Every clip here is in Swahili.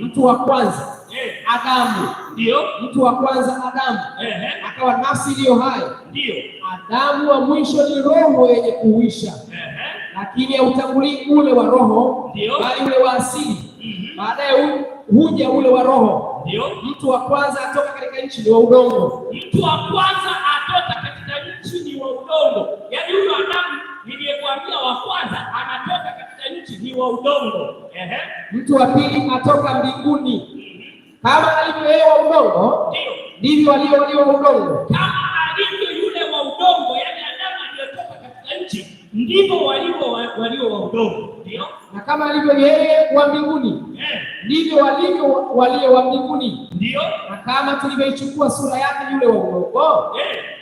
mtu wa kwanza eh. Adamu, ndio mtu wa kwanza Adamu akawa nafsi iliyo hai, ndio Adamu wa mwisho ni roho yenye kuisha, lakini hautangulii ule wa roho, bali ule wa asili. Mhm. Baadaye huja ule wa roho. Ndio mtu wa kwanza atoka katika nchi ni wa udongo, mtu wa kwanza atoka katika nchi ni wa udongo, yaani wa udongo. Ehe, mtu wa pili atoka mbinguni. Kama alivyohewa udongo, ndivyo alivyo wa udongo. Kama alivyo yule wa udongo, yaani Adamu aliyotoka katika nchi, ndivyo walivyo walio wa udongo, ndio. Na kama alivyo yeye wa mbinguni, ndivyo walivyo walio wa mbinguni, ndio. Na kama tulivyoichukua sura yake yule wa udongo,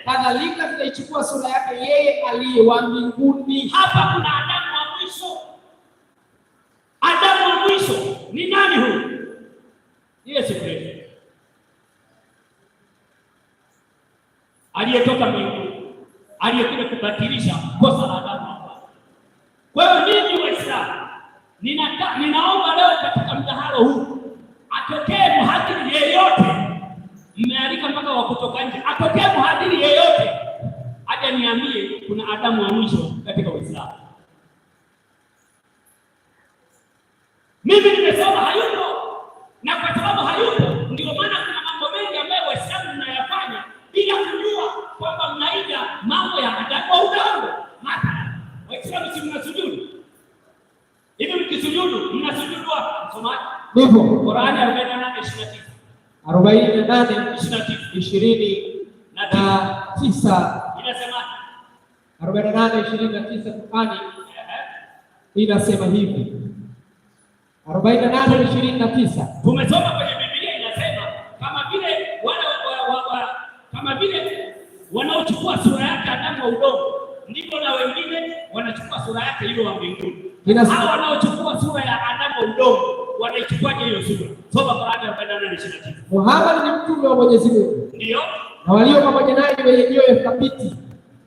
kadhalika tutaichukua sura yake yeye aliye wa mbinguni. Hapa kuna Adamu. aliyetoka mbinguni aliyekuja kubatilisha kosa la Adamu hapa. Kwa hiyo ninyi Waislamu, ninaomba leo katika mdahalo huu mkisujudu mnasujudwa msomaji. Ndivyo Qurani 48:29 nane ishirini na tisa inasema 48:29 Qurani inasema hivi 48:29 tumesoma kwenye mtu. Hawa wanaochukua sura ya Adamu mdogo wanaichukuaje hiyo sura? Soma Qur'ani ya 48:29. Muhammad ni mtume wa Mwenyezi Mungu. Ndio. Na walio pamoja naye ni wenye mioyo thabiti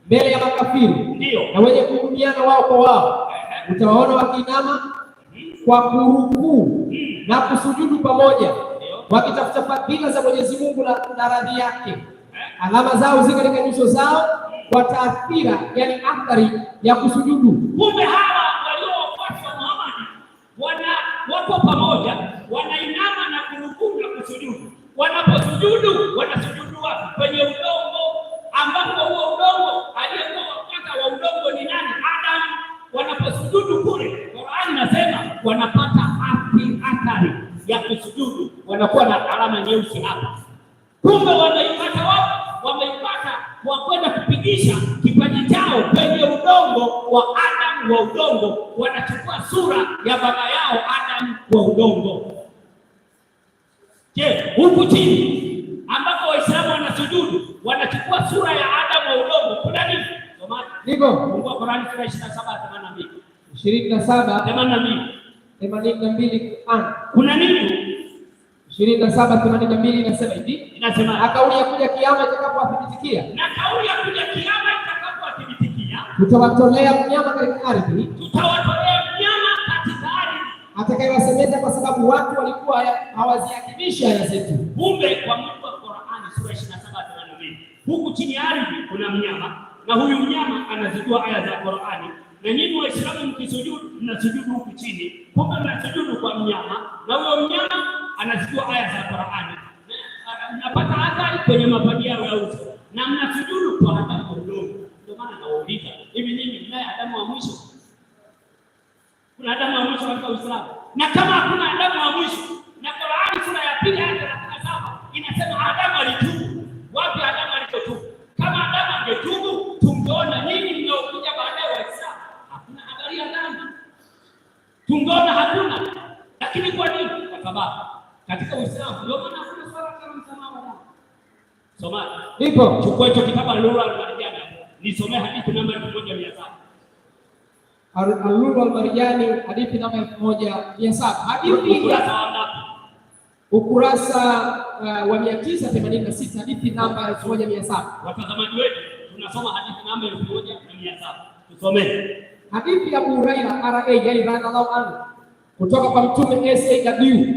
mbele ya makafiri. Ndio. Na wenye kuhurumiana wao kwa wao. Utawaona wakiinama mm-hmm. kwa kurukuu mm-hmm. na kusujudu pamoja wakitafuta fadhila za Mwenyezi Mungu na radhi yake. Eh? Alama zao zi katika nyuso zao kwa taathira, yani athari ya kusujudu. Kumbe hawa wanasujudu Kwenye udongo, ambapo huo udongo aliyekuwa wa wa udongo ni nani? Adamu. Wanaposujudu kule, Qur'ani nasema wanapata hapi athari ya kusujudu, wanakuwa na alama nyeusi hapa. Kumbe wameipata wapi? Wameipata kwa kwenda kupigisha kipaji chao kwenye udongo wa Adamu wa udongo, wanachukua sura ya baba yao Adamu wa udongo. Je, huku chini ambapo Waislamu wanasujudu wanachukua sura ya Adamu wa udongo. Kuna nini? Niko Kwa Qur'ani sura mbili. 27 82 82 82 kuna nini? 27:82 inasema hivi, inasema na kauli ya kuja kiyama itakapowathibitikia, na kauli ya kuja kiyama itakapowathibitikia, tutawatolea mnyama katika ardhi, tutawatolea mnyama katika ardhi atakayewasemeza, kwa sababu watu walikuwa hawaziadhimisha haya zetu. Kumbe kwa chini ya ardhi kuna mnyama, na huyu mnyama anazijua aya za Qur'ani, na nyinyi Waislamu mkisujudu mnasujudu huku chini, kumbe mnasujudu kwa mnyama, na huyo mnyama anazijua aya za Qur'ani, mnapata hata kwenye mapaji yao ya uso, na mnasujudu kwa hata kwa udongo. Ndio maana nawauliza hivi, nyinyi mnaye Adamu wa mwisho? Kuna Adamu wa mwisho katika Uislamu? Na kama hakuna Adamu wa mwisho katika Uislamu. Ndio maana hakuna swala kama msamaha wa dhambi. Soma. Ipo. Chukua hicho kitabu Al-Lugha Al-Marjani. Nisomee hadithi namba 1700. Al-Lugha Al-Marjani hadithi namba 1700. Hadithi ukurasa wa 986 uh, hadithi namba 1700. Watazamaji wetu tunasoma hadithi namba 1700. Tusomee. Hadithi ya Abu Hurairah RA radhiallahu anhu kutoka kwa Mtume SAW